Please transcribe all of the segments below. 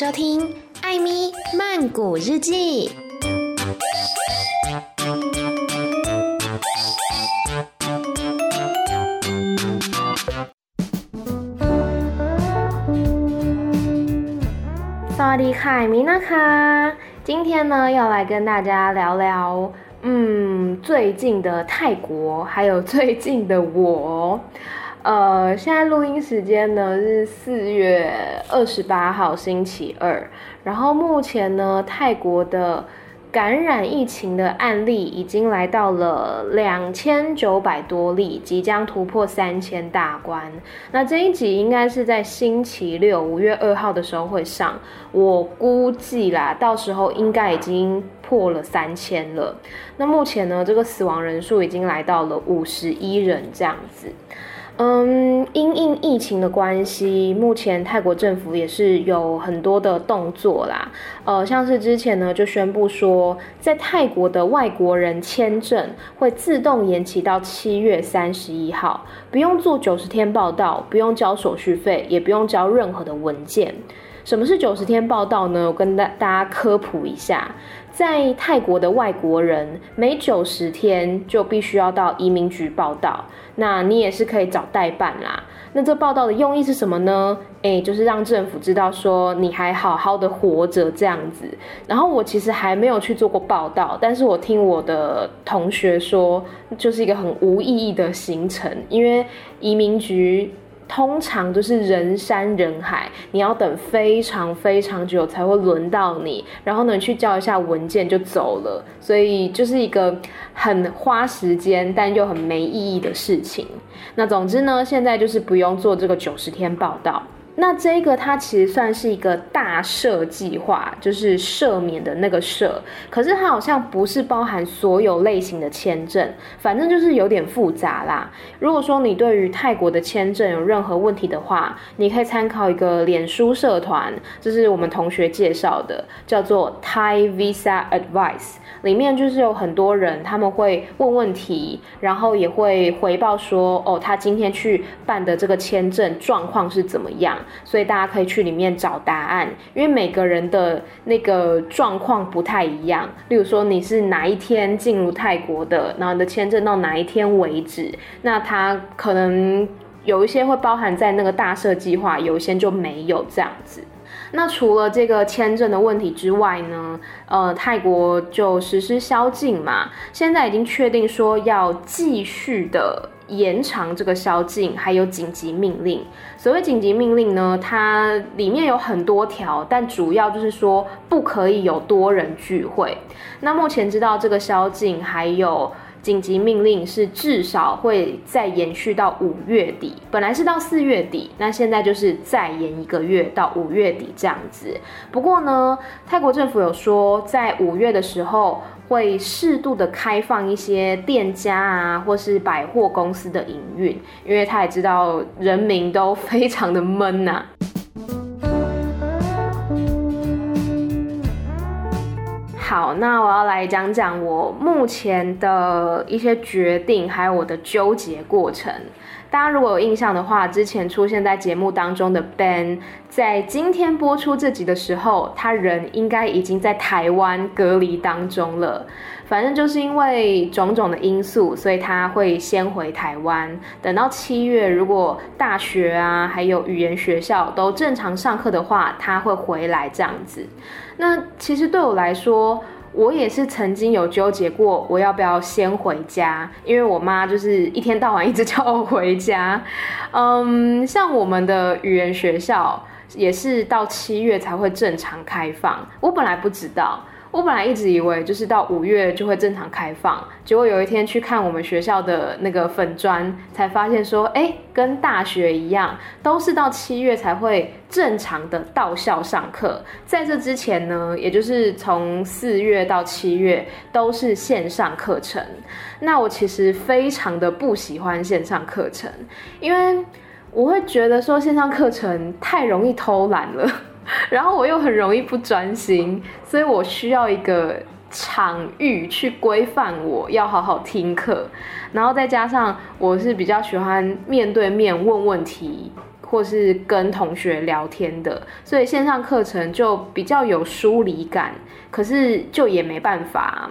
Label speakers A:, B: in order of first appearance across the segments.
A: 收聽艾咪曼谷日記。d a 今天呢，要來跟大家聊聊，嗯，最近的泰國，還有最近的我。呃，現在錄音時間呢是四月二十八號星期二，然後目前呢，泰國的感染疫情的案例已經來到了兩千九百多例，即將突破三千大關。那這一集應該是在星期六，五月二號的時候會上，我估計啦，到時候應該已經破了三千了。那目前呢，這個死亡人數已經來到了五十一人這樣子。嗯，因應疫情的關係，目前泰國政府也是有很多的動作啦。呃，像是之前呢，就宣布說，在泰國的外國人簽證會自動延期到七月三十一號，不用做九十天報到，不用交手續費，也不用交任何的文件。什麼是九十天報到呢？我跟大大家科普一下。在泰國的外國人每九十天就必須要到移民局報到，那你也是可以找代辦啦。那這報到的用意是什麼呢？誒、欸，就是讓政府知道說你還好好的活着這樣子。然後我其實還沒有去做過報到，但是我聽我的同學說，就是一個很無意義的行程，因為移民局。通常都是人山人海，你要等非常非常久才會輪到你，然後呢，你去交一下文件就走了，所以就是一個很花時間但又很沒意義的事情。那總之呢，現在就是不用做這個九十天報到。那這個它其實算是一個大赦計劃，就是赦免的那個赦，可是它好像不是包含所有類型的簽證，反正就是有點複雜啦。如果說你對於泰國的簽證有任何問題的話，你可以參考一個臉書社團，這、就是我們同學介紹的，叫做 Thai Visa Advice，裡面就是有很多人他們會問問題，然後也會回報說，哦，他今天去辦的這個簽證狀況是怎麼樣。所以大家可以去裡面找答案，因為每個人的那個狀況不太一樣。例如說你是哪一天進入泰國的，然後你的簽證到哪一天為止，那它可能有一些會包含在那個大赦計劃，有一些就沒有這樣子。那除了這個簽證的問題之外呢，呃，泰國就實施宵禁嘛，現在已經確定說要繼續的。延長這個宵禁，還有緊急命令。所謂緊急命令呢，它裡面有很多條，但主要就是說不可以有多人聚會。那目前知道這個宵禁還有。緊急命令是至少會再延續到五月底，本來是到四月底，那現在就是再延一個月到五月底這樣子。不過呢，泰國政府有說在五月的時候會適度的開放一些店家啊，或是百貨公司的營運，因為他也知道人民都非常的悶啊。好，那我要來講講我目前的一些決定，還有我的糾結過程。大家如果有印象的話，之前出現在節目當中的 Ben，在今天播出這集的時候，他人應該已經在台灣隔離當中了。反正就是因為種種的因素，所以他會先回台灣。等到七月，如果大學啊還有語言學校都正常上課的話，他會回來這樣子。那其實對我來說，我也是曾經有糾結過，我要不要先回家？因為我媽就是一天到晚一直叫我回家。嗯，像我們的語言學校也是到七月才會正常開放。我本來不知道。我本來一直以為就是到五月就會正常開放，結果有一天去看我們學校的那個粉專，才發現說，哎、欸，跟大學一樣，都是到七月才會正常的到校上課。在這之前呢，也就是從四月到七月都是線上課程。那我其實非常的不喜歡線上課程，因為我會覺得說線上課程太容易偷懶了。然後我又很容易不專心，所以我需要一個場域去規範我要好好聽課，然後再加上我是比較喜歡面對面問問題或是跟同學聊天的，所以線上課程就比較有疏離感，可是就也沒辦法。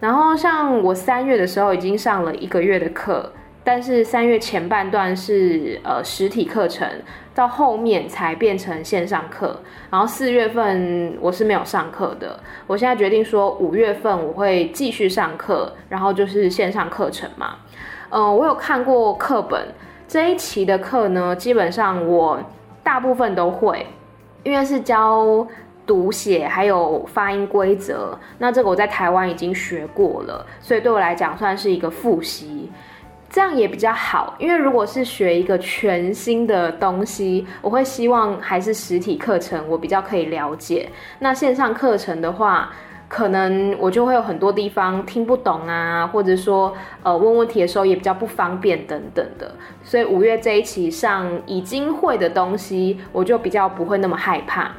A: 然後像我三月的時候已經上了一個月的課。但是三月前半段是呃實體課程，到後面才變成線上課。然後四月份我是沒有上課的。我現在決定說五月份我會繼續上課，然後就是線上課程嘛。嗯、呃，我有看過課本這一期的課呢，基本上我大部分都會，因為是教讀寫還有發音規則。那這個我在台灣已經學過了，所以對我來講算是一個複習。這樣也比較好，因為如果是學一個全新的東西，我會希望還是實體課程，我比較可以了解。那線上課程的話，可能我就會有很多地方聽不懂啊，或者說，呃，問問題的時候也比較不方便等等的。所以五月這一期上已經會的東西，我就比較不會那麼害怕。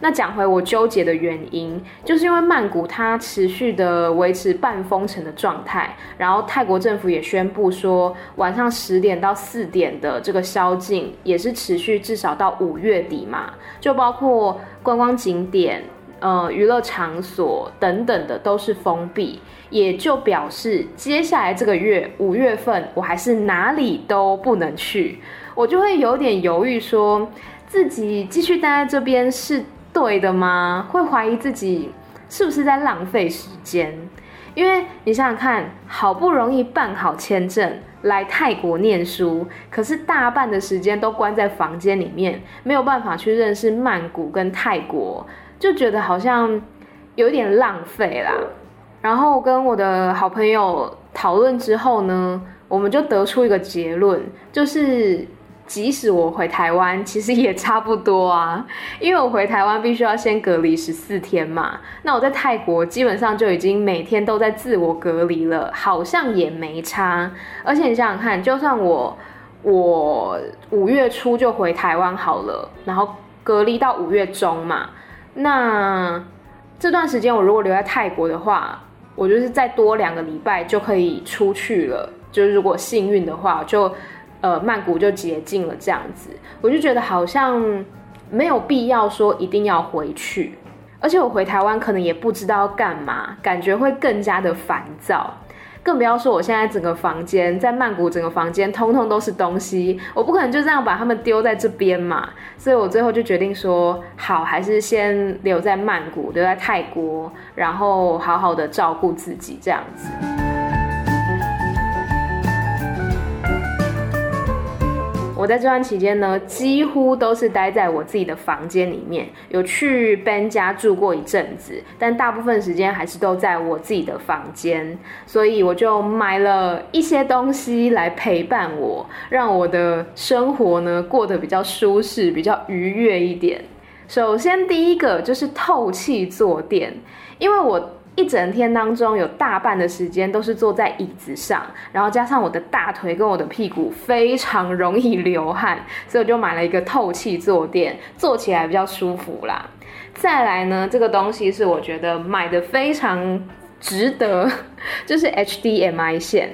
A: 那講回我糾結的原因，就是因為曼谷它持續的維持半封城的狀態，然後泰國政府也宣布說，晚上十點到四點的這個宵禁也是持續至少到五月底嘛，就包括觀光景點、呃娛樂場所等等的都是封閉，也就表示接下來這個月五月份我還是哪裡都不能去，我就會有點猶豫說，說自己繼續待在這邊是。對的嗎？會懷疑自己是不是在浪費時間，因為你想想看，好不容易辦好簽證來泰國念書，可是大半的時間都關在房間裡面，沒有辦法去認識曼谷跟泰國，就覺得好像有點浪費啦。然後跟我的好朋友討論之後呢，我們就得出一個結論，就是。即使我回台灣，其實也差不多啊，因為我回台灣必須要先隔離十四天嘛。那我在泰國基本上就已經每天都在自我隔離了，好像也沒差。而且你想想看，就算我我五月初就回台灣好了，然後隔離到五月中嘛，那這段時間我如果留在泰國的話，我就是再多兩個禮拜就可以出去了，就是如果幸運的話就。呃，曼谷就解禁了，這樣子，我就覺得好像沒有必要說一定要回去，而且我回台灣可能也不知道要幹嘛，感覺會更加的煩躁，更不要說我現在整個房間在曼谷，整個房間通通都是東西，我不可能就這樣把他們丟在這邊嘛，所以我最後就決定說，好，還是先留在曼谷，留在泰國，然後好好的照顧自己，這樣子。我在這段期間呢，幾乎都是待在我自己的房間裡面，有去搬家住過一陣子，但大部分時間還是都在我自己的房間，所以我就買了一些東西來陪伴我，讓我的生活呢過得比較舒適、比較愉悅一點。首先第一個就是透氣坐墊，因為我。一整天當中，有大半的時間都是坐在椅子上，然後加上我的大腿跟我的屁股非常容易流汗，所以我就買了一個透氣坐墊，坐起來比較舒服啦。再來呢，這個東西是我覺得買的非常值得，就是 HDMI 線，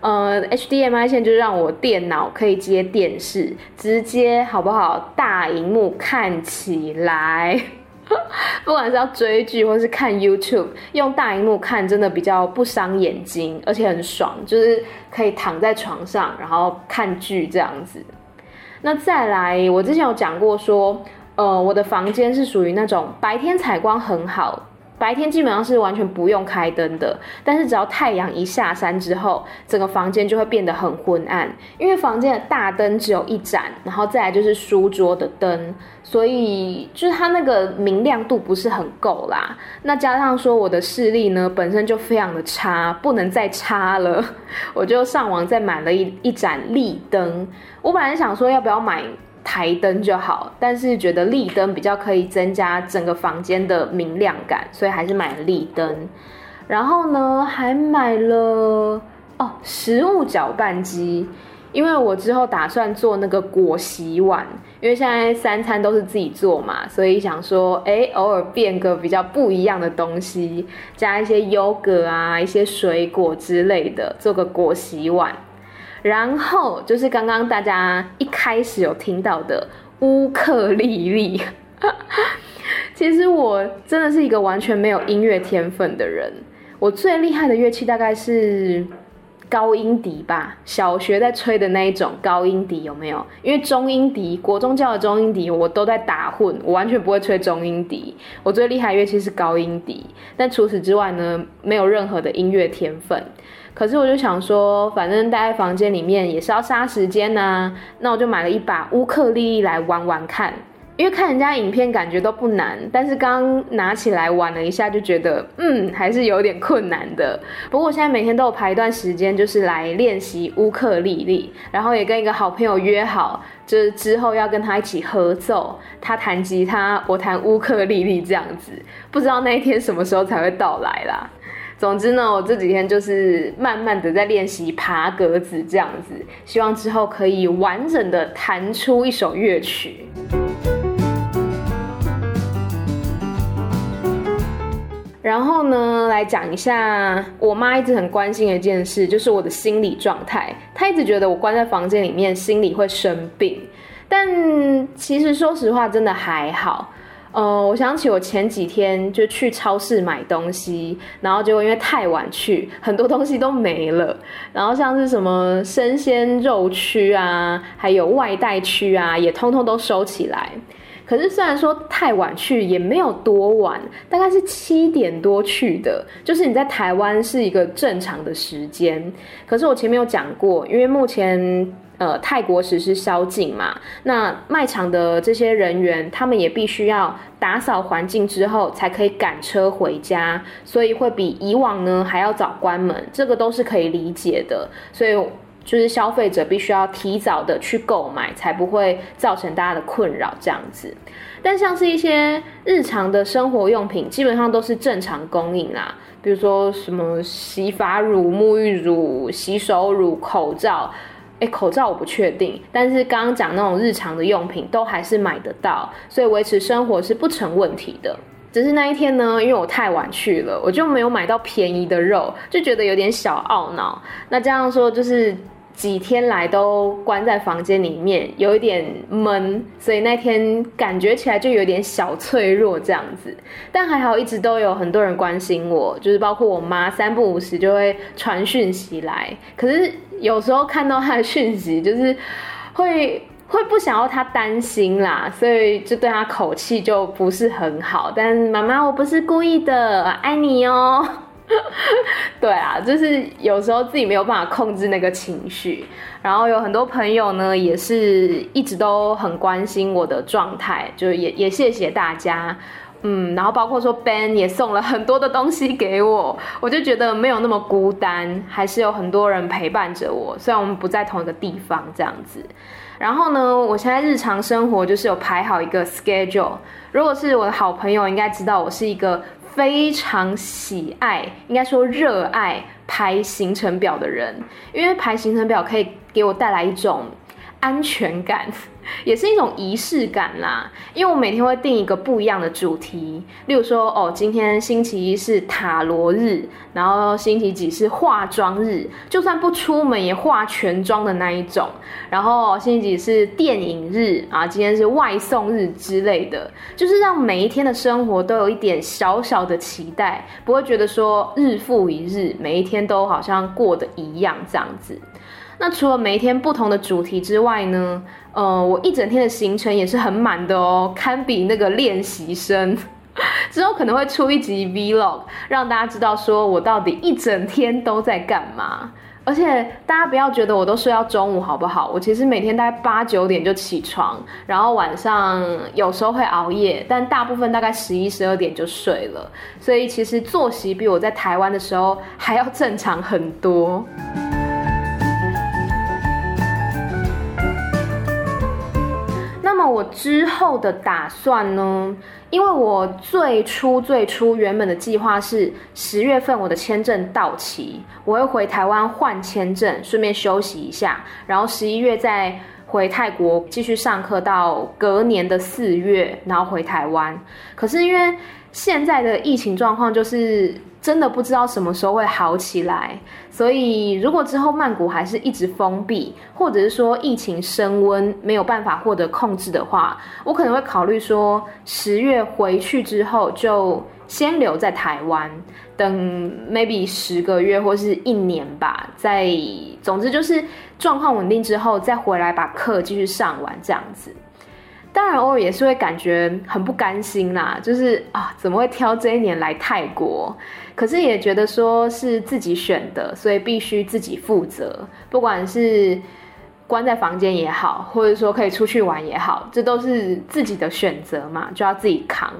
A: 呃，HDMI 線就是讓我電腦可以接電視，直接好不好？大螢幕看起來。 不管是要追劇或是看 YouTube，用大熒幕看真的比較不傷眼睛，而且很爽，就是可以躺在床上然後看劇這樣子。那再來，我之前有講過說，呃，我的房間是屬於那種白天採光很好。白天基本上是完全不用開燈的，但是只要太陽一下山之後，整個房間就會變得很昏暗，因為房間的大燈只有一盞，然後再來就是書桌的燈，所以就是它那個明亮度不是很夠啦。那加上說我的視力呢本身就非常的差，不能再差了，我就上網再買了一一盞立燈。我本來想說要不要買。檯燈就好，但是覺得立燈比較可以增加整個房間的明亮感，所以還是買了立燈。然後呢，還買了哦食物攪拌機，因為我之後打算做那個果昔碗，因為現在三餐都是自己做嘛，所以想說，哎、欸，偶爾變個比較不一樣的東西，加一些優格啊，一些水果之類的，做個果昔碗。然後就是剛剛大家一開始有聽到的烏克麗麗。其實我真的是一個完全沒有音樂天分的人。我最厲害的樂器大概是高音笛吧，小學在吹的那一種高音笛有沒有？因為中音笛，國中教的中音笛，我都在打混，我完全不會吹中音笛。我最厲害的樂器是高音笛，但除此之外呢，沒有任何的音樂天分。可是我就想說，反正待在房間裡面也是要殺時間吶、啊，那我就買了一把烏克麗麗來玩玩看，因為看人家影片感覺都不難，但是剛拿起來玩了一下就覺得，嗯，還是有點困難的。不過我現在每天都有排一段時間，就是來練習烏克麗麗，然後也跟一個好朋友約好，就是之後要跟他一起合奏，他彈吉他，我彈烏克麗麗這樣子，不知道那一天什麼時候才會到來啦。總之呢，我這幾天就是慢慢的在練習爬格子這樣子，希望之後可以完整的彈出一首樂曲。然後呢，來講一下我媽一直很關心的一件事，就是我的心理狀態。她一直覺得我關在房間裡面，心裡會生病。但其實說實話，真的還好。哦、oh，我想起我前幾天就去超市買東西，然後結果因為太晚去，很多東西都沒了。然後像是什麼生鮮肉區啊，還有外帶區啊，也通通都收起來。可是雖然說太晚去，也沒有多晚，大概是七點多去的，就是你在台灣是一個正常的時間。可是我前面有講過，因為目前。呃，泰國實施宵禁嘛，那賣場的這些人員，他們也必須要打掃環境之後，才可以趕車回家，所以會比以往呢還要早關門，這個都是可以理解的。所以就是消費者必須要提早的去購買，才不會造成大家的困擾這樣子。但像是一些日常的生活用品，基本上都是正常供應啦，比如說什麼洗髮乳、沐浴乳、洗手乳、口罩。欸，口罩，我不確定，但是剛剛講那種日常的用品都還是買得到，所以維持生活是不成問題的。只是那一天呢，因為我太晚去了，我就沒有買到便宜的肉，就覺得有點小懊惱。那這樣說就是。幾天來都關在房間裡面，有一點悶，所以那天感覺起來就有點小脆弱這樣子。但還好一直都有很多人關心我，就是包括我媽三不五時就會傳訊息來。可是有時候看到她的訊息，就是會會不想要她擔心啦，所以就對她口氣就不是很好。但媽媽，我不是故意的，愛你哦、喔。 對啊，就是有時候自己沒有辦法控制那個情緒，然後有很多朋友呢也是一直都很關心我的狀態，就也也謝謝大家，嗯，然後包括說 Ben 也送了很多的東西給我，我就覺得沒有那麼孤單，還是有很多人陪伴着我，雖然我們不在同一個地方這樣子。然後呢，我現在日常生活就是有排好一個 schedule，如果是我的好朋友應該知道我是一個。非常喜愛，應該說熱愛排行程表的人，因為排行程表可以給我帶來一種。安全感，也是一種儀式感啦，因為我每天會定一個不一樣的主題，例如說，哦，今天星期一是塔羅日，然後星期幾是化妝日，就算不出門也化全妝的那一種，然後星期幾是電影日啊，今天是外送日之類的，就是讓每一天的生活都有一點小小的期待，不會覺得說日復一日，每一天都好像過得一樣這樣子。那除了每一天不同的主題之外呢？呃，我一整天的行程也是很滿的哦，堪比那個練習生。之後可能會出一集 Vlog，讓大家知道說我到底一整天都在幹嘛。而且大家不要覺得我都睡到中午好不好？我其實每天大概八九點就起床，然後晚上有時候會熬夜，但大部分大概十一十二點就睡了。所以其實作息比我在台灣的時候還要正常很多。我之後的打算呢，因為我最初最初原本的計劃是十月份我的簽證到期，我會回台灣換簽證，順便休息一下，然後十一月再。回泰國繼續上課到隔年的四月，然後回台灣。可是因為現在的疫情狀況，就是真的不知道什麼時候會好起來。所以如果之後曼谷還是一直封閉，或者是說疫情升溫沒有辦法獲得控制的話，我可能會考慮說十月回去之後就。先留在台灣，等 maybe 十個月或是一年吧，再，總之就是狀況穩定之後再回來把課繼續上完這樣子。當然偶爾也是會感覺很不甘心啦，就是，啊，怎麼會挑這一年來泰國？可是也覺得說是自己選的，所以必須自己負責。不管是關在房間也好，或者說可以出去玩也好，這都是自己的選擇嘛，就要自己扛。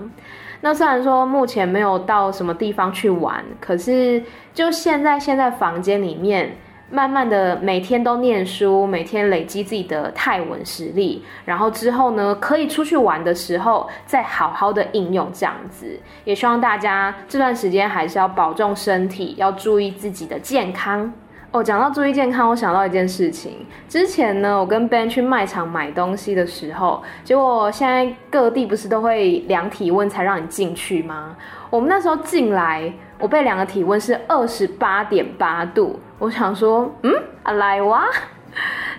A: 那雖然說目前沒有到什麼地方去玩，可是就現在現在房間裡面，慢慢的每天都念書，每天累積自己的泰文實力，然後之後呢，可以出去玩的時候再好好的應用這樣子。也希望大家這段時間還是要保重身體，要注意自己的健康。哦，講到注意健康，我想到一件事情。之前呢，我跟 Ben 去賣場買東西的時候，結果現在各地不是都會量體溫才讓你進去嗎？我們那時候進來，我被量的體溫是二十八點八度。我想說，嗯，啊來哇，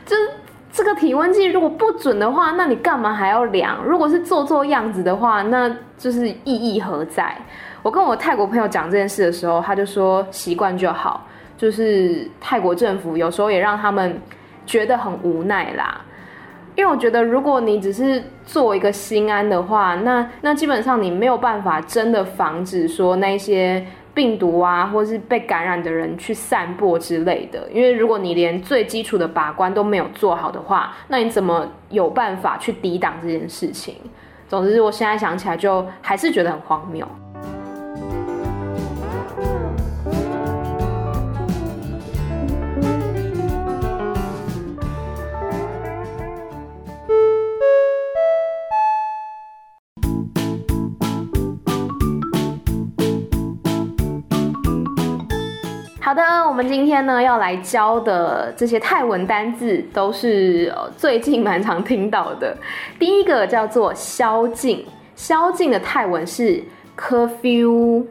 A: 就是這個體溫計如果不準的話，那你幹嘛還要量？如果是做做樣子的話，那就是意義何在？我跟我泰國朋友講這件事的時候，他就說習慣就好。就是泰國政府有時候也讓他們覺得很無奈啦，因為我覺得如果你只是做一個心安的話，那那基本上你沒有辦法真的防止說那些病毒啊，或是被感染的人去散播之類的。因為如果你連最基礎的把關都沒有做好的話，那你怎麼有辦法去抵擋這件事情？總之，我現在想起來就還是覺得很荒謬。好的，我們今天呢，要來教的這些泰文單字，都是，哦，最近蠻常聽到的。第一個叫做宵禁，宵禁的泰文是 curfew，curfew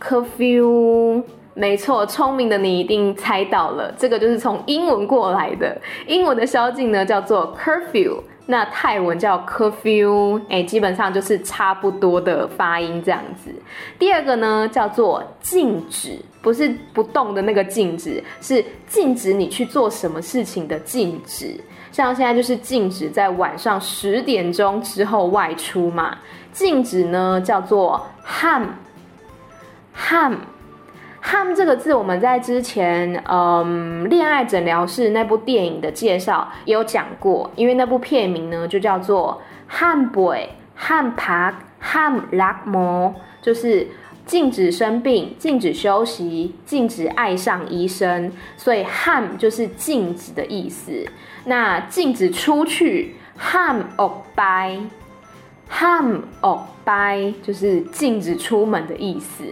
A: curfew。沒錯，聰明的你一定猜到了，這個就是從英文過來的。英文的宵禁呢叫做 curfew。那泰文叫 curfew，欸，基本上就是差不多的發音這樣子。第二個呢，叫做禁止，不是不動的那個禁止，是禁止你去做什麼事情的禁止。像現在就是禁止在晚上十點鐘之後外出嘛。禁止呢，叫做 ham ham Ham 這個字，我們在之前，嗯，戀愛診療室那部電影的介紹也有講過，因為那部片名呢就叫做漢杯、漢帕、漢拉摩，就是禁止生病、禁止休息、禁止愛上醫生，所以漢就是禁止的意思。那禁止出去，漢歐掰、漢歐掰，就是禁止出門的意思。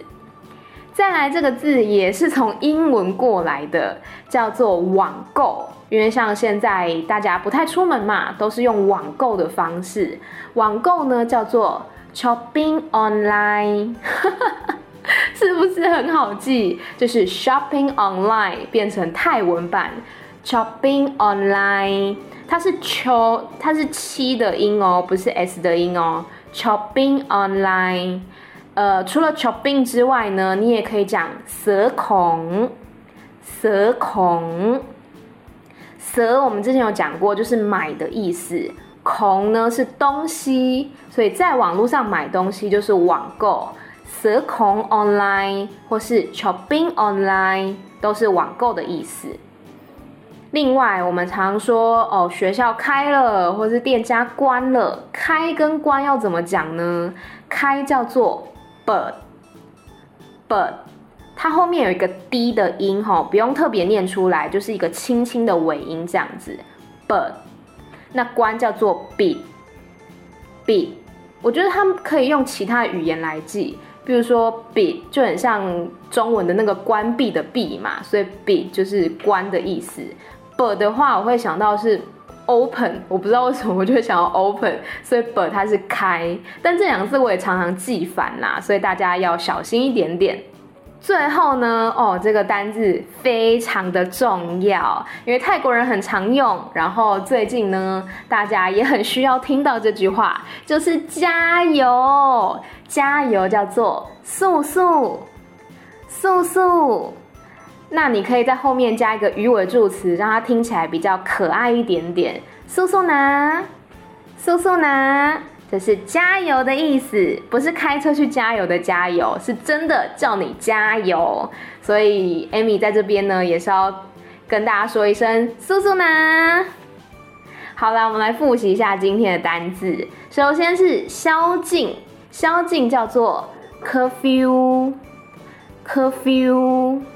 A: 再來這個字也是從英文過來的，叫做網購。因為像現在大家不太出門嘛，都是用網購的方式。網購呢叫做 chopping online， 是不是很好記？就是 shopping online 變成泰文版 chopping online，它是 ch 它是七的音哦，不是 s 的音哦，chopping online。呃，除了 chopping 之外呢，你也可以講“蛇孔”，蛇孔，蛇我們之前有講過，就是買的意思。孔呢是東西，所以在網絡上買東西就是網購，蛇孔 online 或是 chopping online 都是網購的意思。另外，我們常常說哦，學校開了，或是店家關了，開跟關要怎麼講呢？開叫做。bird bird，它後面有一個 d 的音齁，不用特別念出來，就是一個輕輕的尾音這樣子。bird，那關叫做 b，b，我覺得他們可以用其他的語言來記，比如說 b 就很像中文的那個關閉的閉嘛，所以 b 就是關的意思。bird 的話，我會想到是。Open，我不知道為什麼我就想要 open，所以เปิด它是開，但這兩個字我也常常記反啦，所以大家要小心一點點。最後呢，哦，這個單字非常的重要，因為泰國人很常用，然後最近呢，大家也很需要聽到這句話，就是加油，加油，叫做速速“速速，速速”。那你可以在後面加一個語尾助詞，讓它聽起來比較可愛一點點。蘇蘇拿，蘇蘇拿，這是加油的意思，不是開車去加油的加油，是真的叫你加油。所以艾米在這邊呢，也是要跟大家說一聲蘇蘇拿。好了，我們來複習一下今天的單字。首先是宵禁，宵禁叫做 curfew，curfew curfew。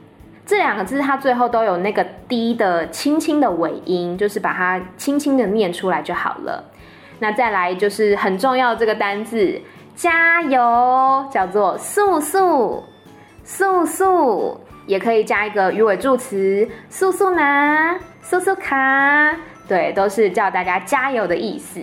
A: 這兩個字，它最後都有那個低的、輕輕的尾音，就是把它輕輕的念出來就好了。那再來就是很重要的這個單字，加油，叫做“素素素素”，也可以加一個語尾助詞“素素拿素素卡”，對，都是叫大家加油的意思。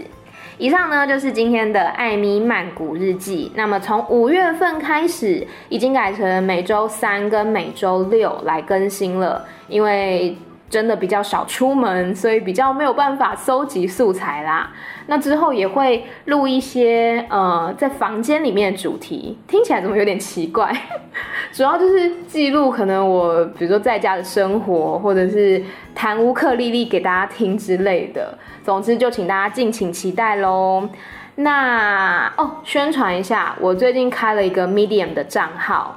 A: 以上呢，就是今天的艾米曼谷日記。那麼從五月份開始，已經改成每周三跟每周六來更新了，因為。真的比較少出門，所以比較沒有辦法蒐集素材啦。那之後也會錄一些呃，在房間裡面的主題，聽起來怎麼有點奇怪？ 主要就是記錄可能我比如說在家的生活，或者是彈烏克麗麗給大家聽之類的。總之就請大家敬請期待嘍。那哦，宣傳一下，我最近開了一個 Medium 的賬號。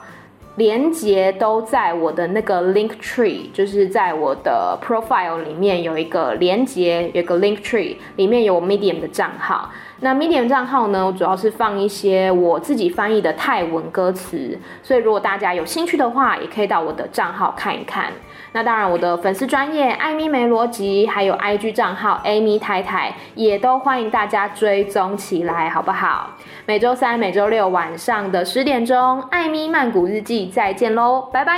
A: 連結都在我的那個 Link Tree，就是在我的 Profile 裡面有一個連結，有一個 Link Tree，裡面有我 Medium 的賬號。那 Medium 賬號呢，我主要是放一些我自己翻譯的泰文歌詞，所以如果大家有興趣的話，也可以到我的賬號看一看。那當然，我的粉絲專業艾咪沒邏輯，還有 IG 賬號艾咪泰泰，也都歡迎大家追蹤起來，好不好？每周三、每周六晚上的十點鐘，《艾咪曼谷日記》，再見嘍，拜拜。